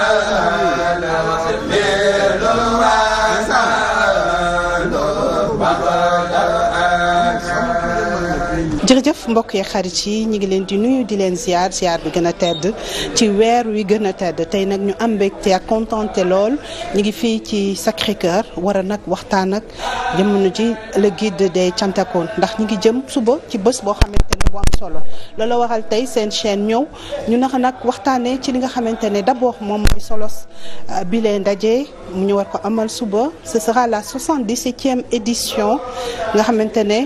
jërëjëf mbokk xarit yi ñu ngi leen di nuyu di leen ziar ziar bi gën a tedd ci weer wi gëna a tedd tey nag ñu am mbégte ak lool ñu ngi fii ci Sacré Cœur war a nag waxtaan ak jamono ji le guide des Thiantacounes ndax ñu ngi jëm suba ci bés boo xamante bu am solo loolu waral tey seen chaîne ñëw ñu naka nag waxtaanee ci li nga xamante ne d'abord moom mooy solos euh, bi lee ndaje ñu war ko amal suba ce sera la 77e édition nga xamante ne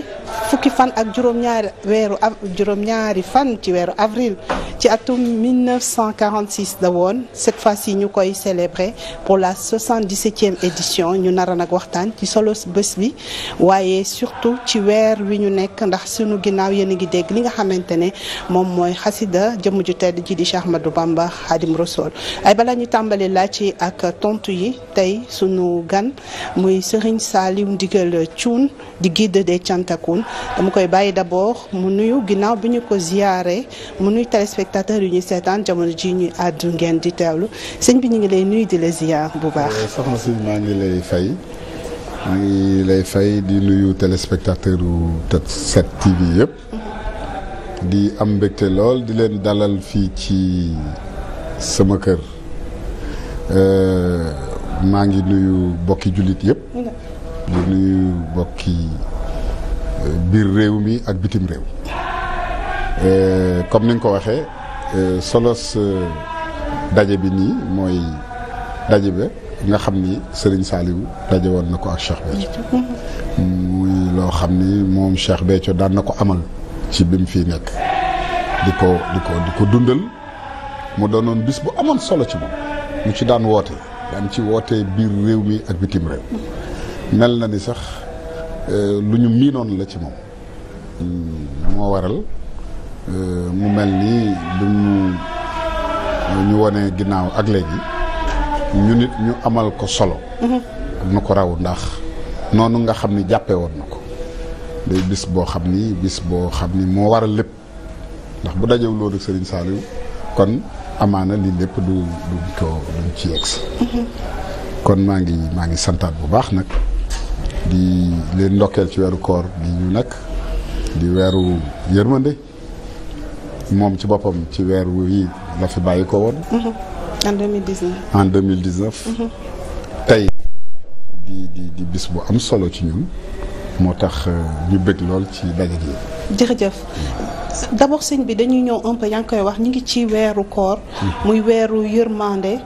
fukki fan ak juróom-ñaari weeru av juróom-ñaari fan ci weeru avril ci atum 1946 la woon cette fois ñu koy célébrer pour la 77e édition ñu nara nag waxtaan ci solo bés bi waaye surtout ci weer wi ñu nekk ndax sunu ginnaaw yéen a ngi dégg li nga xamante ne moom mooy xasida jëmm ju tedd ji di Cheikh Ahmadou Bamba Khadim Rassoul ay bala ñu tàmbali laaj ci ak tontu yi tey sunu gan muy Serigne Saliou Ndigal Thioune di guide des Thiantakoun dama koy bàyyi d'abord mu nuyu ginnaaw bi ñu ko ziyaare mu nuyu téléspectateur yu ñu seetaan jamono ji ñuy àddu ngeen di teewlu sëñ bi ñu ngi lay nuyu di la ziyaar bu baax. Euh, maa ngi lay fay lay fay di nuyu téléspectateur yu 7TV yëpp. di am mbégte lool di leen dalal fii ci sama kër. Euh, maa ngi nuyu bokki jullit yëpp di nuyu bokki biir réew mi ak bitim réew euh, comme ni nga ko waxee euh, solos daje bi nii mooy daje ba nga xam ni sëriñ Saliou daje woon na ko ak Cheikh Béthio muy loo xam ni moom Cheikh Béthio daan na ko amal ci bi mu fii nekk di ko di ko di ko dundal mu doonoon bis bu amoon solo ci moom mu ci daan woote daan ci woote biir réew mi ak bitim réew nel na ni sax Euh, lu ñu miinoon la ci moom hmm, moo waral euh, mu mel ni lu ñu ñu wone ginnaaw ak léegi ñu nit ñu amal ko solo mm-hmm. nu ko raw ndax noonu nga xam ni jàppee woon na ko day bis boo xam ni bis boo xam ni moo waral lépp ndax bu dajew loolu ak Serigne Saliou kon amaana lii lépp du duñ ko duñ ci yegg mm-hmm. kon maa ngi maa ngi santaat bu baax nag di leen ndokkeel ci weeru koor bi ñu nekk di weeru yërmande moom ci boppam ci weer wi la fi bàyyi ko woon. Mhm. en 2019. en 2019. Mhm. tey di di bis bu am solo ci ñun moo tax euh, ñu bëgg lool ci daje gi. jërëjëf d'abord sëñ bi dañuy ñëw un yaa ngi koy wax ñu ngi ci weeru koor. Mhm. muy weeru yërmande.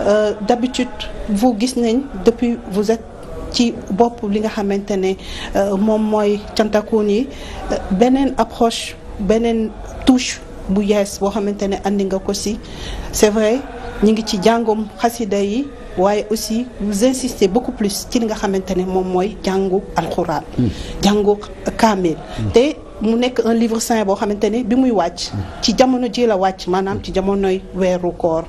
Euh, d'habitude vous gis nañ depuis vous êtes. ci bopp li nga xamante ne euh, moom mooy cantakoon yi euh, beneen approche beneen touche bu yees boo xamante ne andi nga ko si c'est vrai ñi ngi ci jàngum xasida yi waaye aussi vous insistez beaucoup plus ci li nga xamante ne moom mooy jàngu alxuraan hmm. jàngu kaamil te mu nekk un livre saint boo xamante ne bi muy wàcc ci jamono ji la wàcc maanaam ci jamonoy weeru koor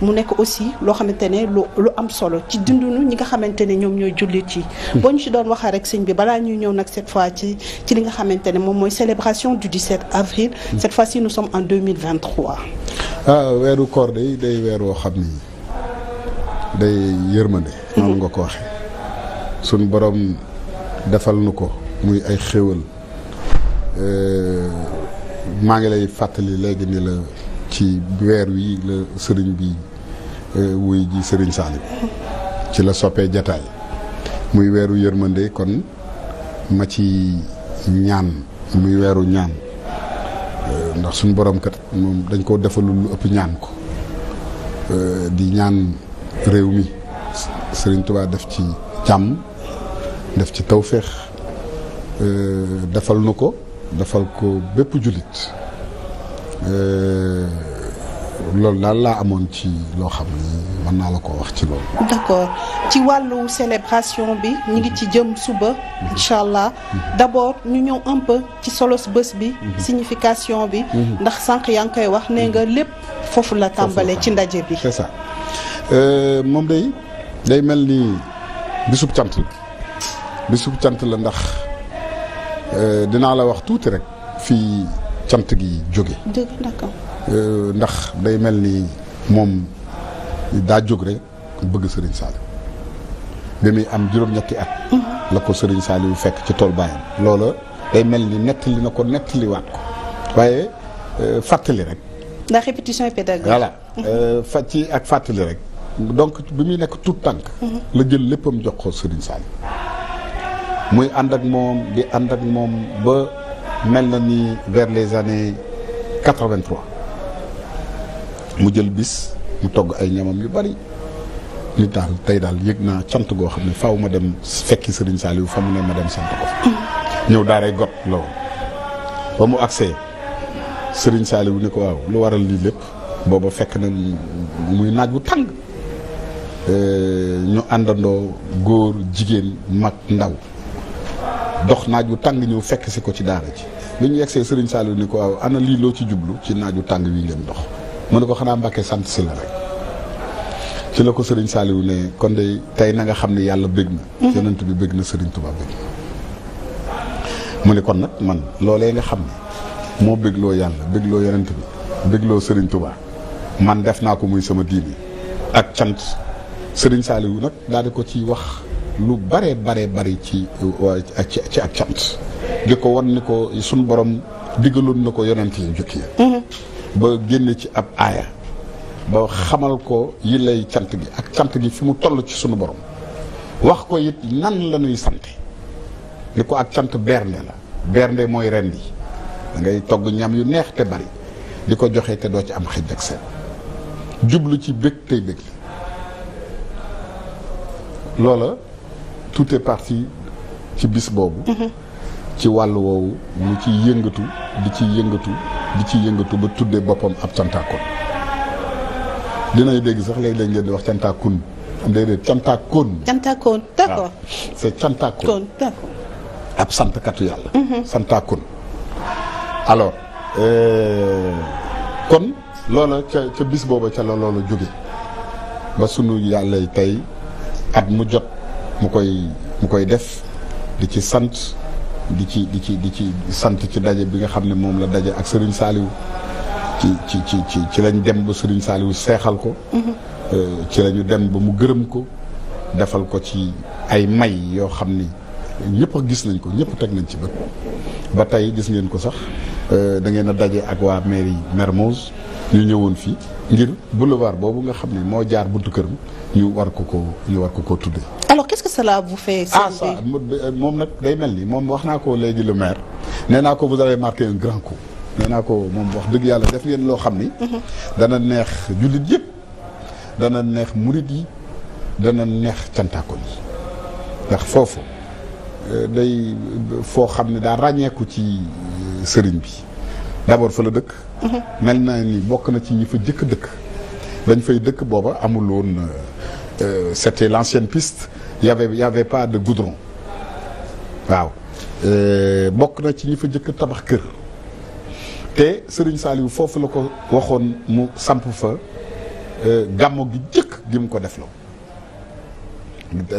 mu nekk aussi loo xamante ne lu lu am solo ci dundunu ñi nga xamante ne ñoom ñooy jullit yi boo ñu ci doon waxee rek sëñ bi balaa ñuy ñëw nag cet fois ci ci li nga xamante ne moom mooy célébration du 17 avril cette fois ci nous sommes en 2023 ah weeru koor day day weer woo xam ni day yërmande noonu nga ko waxee suñ borom defal nu ko muy ay xéwal Euh, maa ngi lay fàttali léegi ni la ci weer wi la sëriñ bi euh, wuy ji sëriñ Saalim ci la soppee jataay muy weeru yërmande kon ma ci ñaan muy weeru ñaan euh, ndax suñu borom kat moom dañ koo defalul ëpp ñaan ko di ñaan réew mi sëriñ Tuubaa def ci jàmm def ci tawféex defal na ko defal ko bépp jullit euh, loolu daal laa amoon ci loo xam ni mën naa la ko wax ci loolu. d'accord ci wàllu célébration bi ñu ngi ci jëm suba. incha allah mhm. d'abord ñu ñëw un peu ci solos bés bi. Mhm. signification bi. Mhm. ndax sànq yaa ngi koy wax nee nga lépp foofu la tàmbalee ci ndaje bi. c'est ça euh, moom day day mel ni bisub cant la bisub cant la ndax. Euh, dinaa la wax tuuti rek fii cant gi jóge euh, ndax day mel ni moom daa jóg rek bëgg sëriñ Saliou bi muy am juróom-ñetti at mm-hmm. la ko Serigne Saliou fekk ci tool baayam loola day mel ni li na ko nettaliwaat ko waaye euh, fàttali rek ndax répétition pédagogique voilà mm-hmm. fa ci ak fàttali rek donc bi muy nekk tout tànk mm-hmm. la jël léppam jox ko Serigne Saliou muy ànd ak moom di ànd ak moom ba mel na ni vers les années quatre mu jël bis mu togg ay ñamam yu bari ni daal tey daal yëg naa cant goo xam ne faw ma dem fekki Serigne Saliou fa mu ne ma dem sant ko fa ñëw daaray got la woon ba mu agsee Serigne Saliou ni ko waaw lu waral lii lépp booba fekk na muy naaj bu tàng euh, ñu àndandoo góor jigéen mag ndaw dox naaj wu tàng ñëw fekk si ko ci daara ji bi ñu yegsee sëriñ Saliou ni ko waaw ana lii loo ci jublu ci naaj wu tàng wi ngeen dox mu ne ko xanaa Mbàkke sant si la rek ci la ko sëriñ Saliou ne kon de tey na nga xam ne yàlla bëgg na mhm. yonent bi bëgg na Serigne mu ne kon nag man loolee nga xam ne moo bëggloo yàlla bëggloo yonent bi bëggloo sëriñ Touba man def naa ko muy sama diini ak cant sëriñ Saliou nag daal di ko ci wax lu bare bare bari ci ci ak cant di ko wan ni ko suñu borom diggaloon na ko yonent yi jukki mhm. ba génne ci ab aaya ba xamal ko yi lay cant gi ak cant gi fi mu toll ci suñu borom wax ko it nan la ñuy sant ni ko ak cant bernde la bernde mooy ren yi ngay togg ñam yu neex te bari di ko joxe te doo ci am xëj ak seen jublu ci bég tey bég loola tout est parti ci bis boobu. Mhm. ci wàll woowu mu ci yëngatu di ci yëngatu di ci yëngatu ba tuddee boppam ab cantaakun dinañ dégg sax léeg-léeg ngeen di wax cantaakun déedéet cantaakun. cantaakun d'accord c'est cantaakun d'accord santkatu yàlla. Mhm. santaakun alors euh, kon loola ca ca bis booba ca la loola jóge ba sunu yàlla tey at mu jot. mu koy mu koy def di ci sant di ci di ci di ci sant ci daje bi nga xam ne moom la daje ak Serigne saaliw ci ci ci ci ci lañ dem ba sëriñ saaliw seexal ko. Mm-hmm. Euh, ci lañu dem ba mu gërëm ko defal ko ci ay may yoo xam ni ñëpp gis nañ ko ñëpp teg nañ ci bët ba tey gis ngeen ko sax euh, da ngeen daje ak waa mairie Mermoz ñu ñëwoon fii ngir boulevard boobu nga xam ni moo jaar buntu kër këram ñu war ko ko ñu war ko ko tuddee. alors qu'est-ce que cela vous fait. ah ça moom nag day mel ni moom wax naa ko léegi le maire nee naa ko vous avez marqué un grand ko moom wax dëgg yàlla def ngeen loo xam ni. Mhm. dana neex jullit yëpp dana neex murit yi dana neex cantaako yi ndax foofu euh, day foo xam ne daa ràññeeku ci euh, sëriñ bi. d'abord fa la dëkk. Mhm. mel na ni bokk na ci ñi fa jëkk dëkk. dañ fay dëkk booba amul woon euh, euh, c'était l'ancienne piste y avait y avait pas de goudron waaw euh, bokk na ci ñi fa jëkk tabax kër te Serigne Saliou foofu la ko waxoon mu samp fa gàmmo gi jëkk gi mu ko def la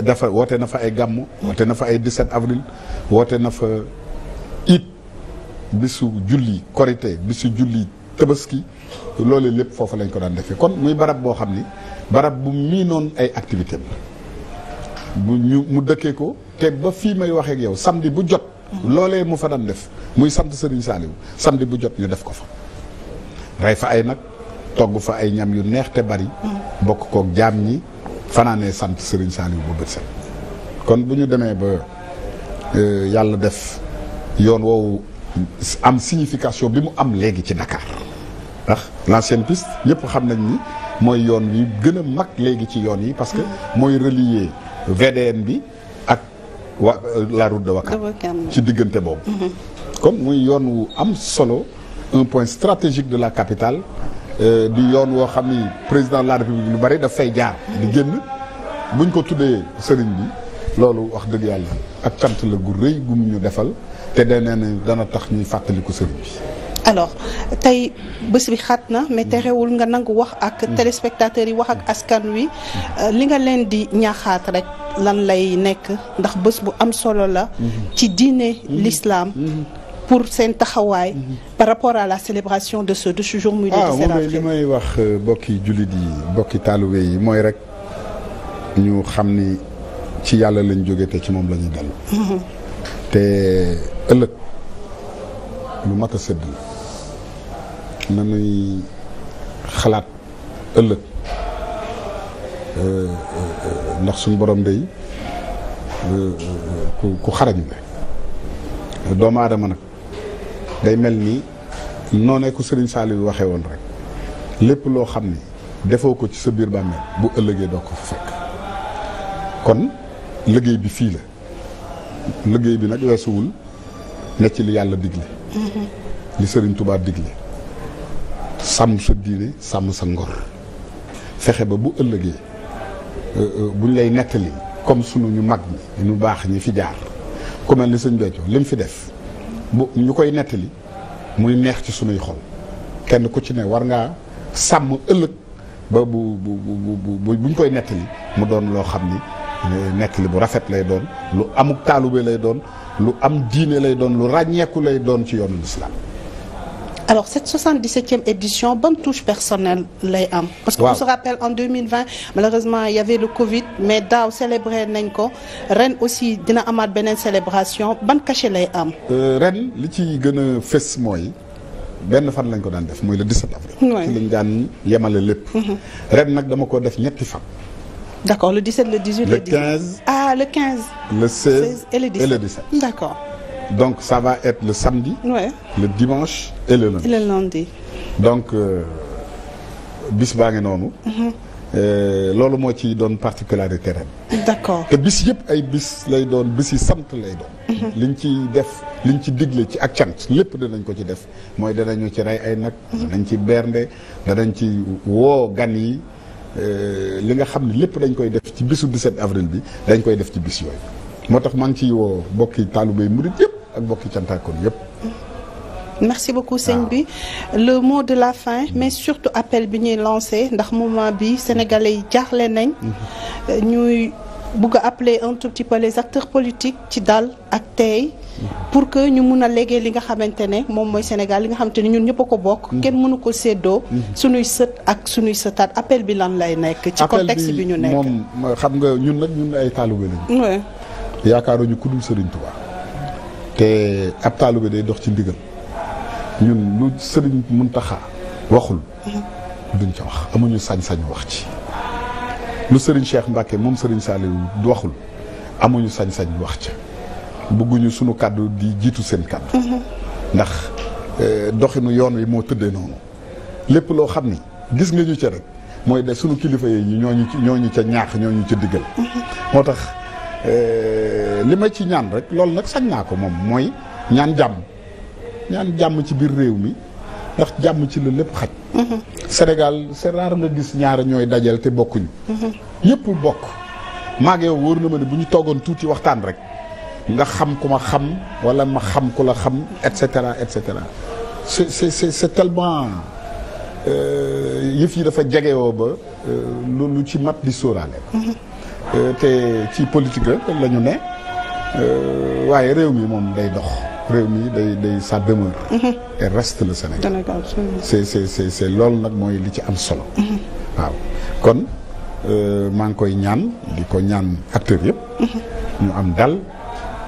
dafa woote na fa ay gàmmo woote na fa ay 17 avril woote na fa. bisu julli korité bisu julli tabaski loolu lépp foofu lañ ko daan defee kon muy barab boo xam ni barab bu miinoon ay activité bu ñu mu dëkkee ko te ba fii may waxee ak yow samedi bu jot loolee mu fa daan def muy sant Serigne Saliou samedi bu jot ñu def ko fa rey fa ay nag togg fa ay ñam yu neex te bari bokk kook jaam ñi fanaanee sant Serigne Saliou bu bët set kon bu ñu demee ba euh, yàlla def yoon woowu am signification bi mu am léegi ci Dakar ndax l'ancienne piste ñëpp xam nañ ni mooy yoon wi gën a mag léegi ci yoon yi parce que mooy relier VDN bi ak wa euh, la route de ci diggante boobu comme mm-hmm. muy yoon wu am solo un point stratégique de la capitale euh, di yoon woo xam ni président la république lu bari daf fay jaar di génn buñ ko tuddee sëriñ bi loolu wax dëgg yàlla ak cant la gu rëy gu mu ñu defal te da ne dana tax ñuy fàttaliku sëriñ bi. alors tey bés bi xat na mais terewul nga nangu wax ak mm. téléspectateurs yi wax ak askan wi euh, li nga leen di ñaxaat rek lan lay nekk ndax bés bu am solo la mm-hmm. ci diine mm-hmm. l'islam mm-hmm. pour seen taxawaay par rapport à la célébration de ce de ce jour muy de ah, Saint-Raphaël li may wax euh, bokki jullit yi bokki taalibe yi mooy rek ñu xam ni ci yàlla lañ jóge ci moom la ñuy dellu te ëllëg lu mat a sedd na nuy xalaat ëllëg euh, ndax suñ borom day euh, ku ku xarañ la doomu aadama nag day mel ni noonee ko Serigne Saliou waxee woon rek lépp loo xam ni defoo ko ci sa biir bàmmeel bu ëllëgee doo ko fa fekk kon liggéey bi fii la liggéey bi nag weesuwul ne ci li yàlla digle mm-hmm. li sëriñ tubaab digle sàmm sa diine sàmm sa ngor fexe ba bu ëllëgee euh, euh, buñ lay nettali comme sunu ñu mag ñi ñu baax ñi fi jaar ku mel ni sëñ Béthio lim fi def bu ñu koy nettali muy neex ci sunuy xol kenn ku ci ne war ngaa sàmm ëllëg ba bu bu bu bu buñ koy nettali mu doon loo xam ni nekk li bu rafet lay doon lu amuk taalube lay doon lu am diine lay doon lu ràññeeku lay doon ci yoonu l'islam alors cette 77e édition bonne touche personnelle lay am. parce que on se rappelle en 2020 malheureusement il y avait le Covid mais daaw célébré nañ ko ren aussi dina amaat beneen célébration ban cachet lay am. Euh, ren li ci gën a mooy benn fan lañ ko daan def mooy le 17 avril. ci lañ daan yemale lépp. Mhm. ren nag dama ko def ñetti fan. d'accord le 17 le 18 le 15 ah le 15. le 16 le 16 et le 17 et le 17. d'accord. donc ça va être le samedi. Ouais. le dimanche et le lundi. le lundi. donc euh, bis baa ngi noonu. Mhm. Euh, loolu moo ci doon particularité ren. d'accord te bis yëpp ay bis lay doon bis yi sant lay doon. Mhm. liñ ci def liñ ci digle ci ak cant lépp danañ ko ci def mooy danañu ci rey ay nag. Mhm. danañ ci bernde danañ ci woo gan yi. Euh, li nga xam ne lépp dañ koy def ci bisu 17 avril bi dañ koy def ci bis yooyu moo tax maa ngi ciy woo bokki taalibey murit yëpp ak bokki cantaakoon yëpp merci beaucoup sëñ ah. bi le mot de la fin mais surtout appel bi ñuy lancé ndax moment bi sénégalais yi jaaxle nañ mm-hmm. euh, ñuy bugg a appeler un tout petit peu les acteurs politiques ci dal ak tey pour que ñu mun a léegi li nga xamante ne moom mooy Sénégal li nga xamante ne ñun ñëpp a ko bokk. Mm-hmm. kenn mënu ko séddoo. Mm-hmm. suñuy sët ak suñuy sëtaat appel bi lan lay nekk. ci contexte bi ñu nekk moom euh, xam nga ñun nag ñun ay taalibe lañu. yaakaaruñu ku dul Serigne Touba. te ab taalibe day dox ci ndigal ñun lu Serigne Mountakha waxul. Mm-hmm. duñ ca wax amuñu sañ-sañu wax ci. lu Serigne Cheikh Mbacke moom Serigne Saliou waxul amuñu sañ-sañ wax ca bëgguñu sunu kàddu di jiitu seen kàddu. Mm-hmm. ndax euh, doxinu yoon wi moo tëddee noonu lépp loo xam ni gis nga ñu ca rek mooy de sunu kilifa yi ñooñu ñooñu ca ñaax ñooñu ca diggal. Mm-hmm. moo tax euh, li ma ci ñaan rek loolu nag sañ naa ko moom mooy ñaan jàmm ñaan jàmm ci biir réew mi. ndax jàmm ci la lépp xaj. Sénégal c'est rare nga gis ñaar ñooy dajal te bokkuñu. yëpp bokk maa ngi yow wóor na ma ne bu ñu toogoon tuuti waxtaan rek nga xam ku ma xam walla ma xam ku la xam et cetera et cetera c'est c'est c'est euh, yëf yi dafa jegewoo ba euh, lu ci mat di sóoraale. Euh, te ci politique la ñu ne waaye réew mi moom day dox. réew mi day day ça demeure. Mhm. et reste le Sénégal. c'est c'est c'est c'est loolu nag mooy li ci am solo. Mhm. waaw kon euh, maa ngi koy ñaan di ko ñaan acteurs yëpp. Mhm. ñu am dal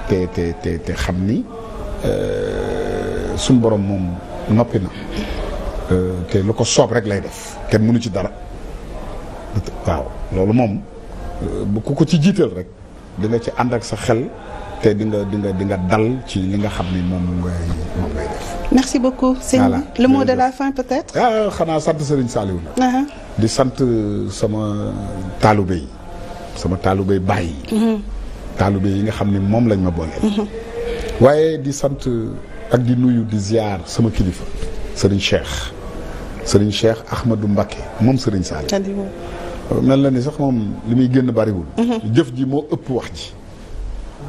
te te te xam ni euh, suñu borom moom noppi na. Euh, te lu ko soob rek lay def kenn mënu ci dara. waaw loolu moom bu ku ko ci jiital rek di ci ànd ak sa xel. te di nga di nga dal ci li nga xam ni moom ngay moom ngay def. merci beaucoup. voilà sëñ le de la fin peut-être. Ah, xanaa sant sëriñ Saliou la. Uh-huh. di sant euh, sama taalube yi sama taalube baay yi. Mm-hmm. taalube yi nga xam ni moom lañ ma boole. Mm-hmm. waaye di sant euh, ak di nuyu di ziar sama kilifa sëriñ Cheikh sëriñ Cheikh Ahmadou Mbacké moom sëriñ Saliou. mel na ni sax moom li muy génn bariwul. Mm-hmm. jëf ji moo ëpp wax ji.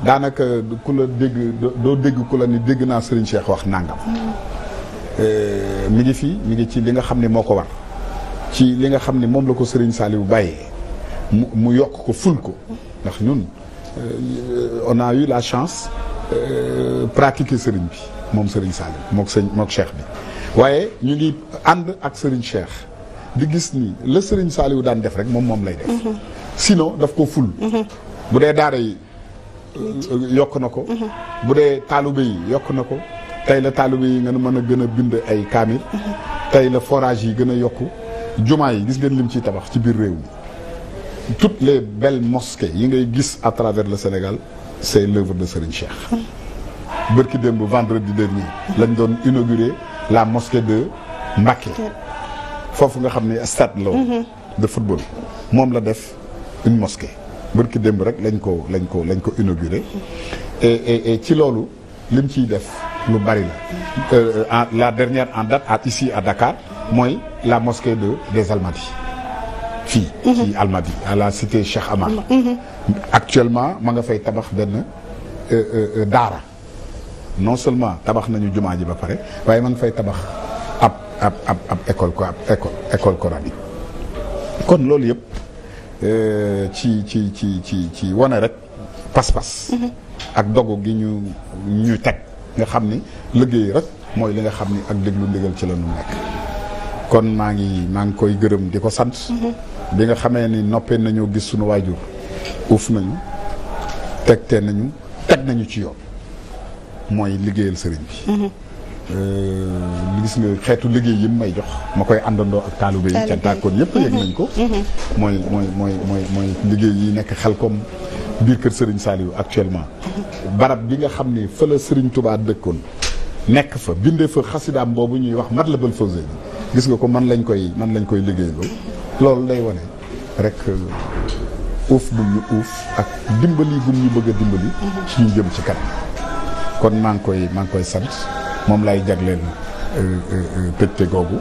daanaka ku la dégg doo dégg ku la ni dégg naa Serigne Cheikh wax nangam. Eh, mi ngi fii mi ngi ci li nga xam ne moo ko war ci li nga xam ne moom la ko Serigne Saliou bàyyee mu mu yokk ko ful ko ndax ñun eh, on a eu la chance eh, pratiquer sëriñ bi moom sëriñ Saliou mook sëñ mook Cheikh bi waaye ñu ngi ànd ak sëriñ Cheikh di gis ni la sëriñ Saliou daan def rek moom moom lay def. Mm-hmm. sinon daf ko ful. Mm-hmm. bu dee daara yi. yokk na ko mhm. bu dee taalibe yi yokk na ko tey la taalibe yi nga mën a gën a bind ay kaamil mhm. tey la forage yi gën a yokku jumaa yi gis ngeen lim ciy tabax ci biir réew mi toutes les belles mosquées yi ngay gis à travers le Sénégal c'est l'œuvre de Serigne Cheikh mhm. bërki démb vendredi dernier lañ doon inauguré la mosquée de Mbacké foofu nga xam ni stade la de football moom la def une mosquée bërki démb rek lañ ko lañ ko lañ ko inauguré et et ci loolu lim ciy def lu bari la euh, la dernière en date à ici à Dakar mooy la mosquée de des Almadies fii mhm. ci Almadies à la cité Cheikh Amar mhm. actuellement ma nga fay tabax benn euh, euh, daara non seulement tabax nañu jumaa ji ba pare waaye ma nga fay tabax ab ab ab ab école ko école école kon loolu yëpp Euh, ci ci ci ci ci wane rek pas-pas. Mm-hmm. ak dogu gi ñu ñu teg nga xam ni liggéey rek mooy li nga xam ni ak déglu ndigal ci la nekk. kon maa ngi maa ngi koy gërëm di ko sant. Mm-hmm. bi nga xamee ni noppee nañoo gis suñu waajur uuf nañu tegte nañu teg nañu ci yoon mooy liggéeyal sëriñ bi. Mm-hmm. Euh, gis nga xeetu liggéey yi may jox ma koy àndandoo ak taalibe yi cantaakoon yëpp yëg nañ ko mm-hmm. Mm-hmm. mooy mooy mooy liggéey yi nekk xelkom biir kër Serigne Saliou actuellement mm-hmm. barab bi nga xam ni fa la Serigne Touba dëkkoon nekk fa bindee fa boobu ñuy wax Matlabul Fawzayni gis nga ko man lañ koy man lañ koy liggéey loolu day wane rek euh, uuf bu ñu uuf ak dimbali bu ñu bëgg a dimbali suñu jëm ci kanam kon maa ngi koy maa ngi koy sant moom lay jagleen pecc euh, euh, euh, googu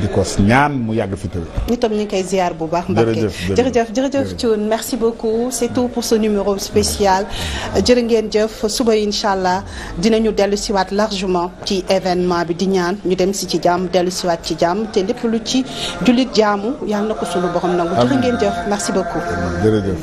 di ko ñaan mu yàgg fi tëw ñu tam ñu ngi koy ziar bu baax Mbacké jërëjëf jërëjëf Thioune merci beaucoup c'est tout numéro spécial jërë ngeen jëf suba incha allah ñu dellu siwaat largement ci événement bi di ñaan ñu dem si ci jàmm dellu siwaat ci jàmm te lépp lu ci jullit jaamu yàlla na ko sunu borom nangu jërë ngeen jëf merci beaucoup jërëjëf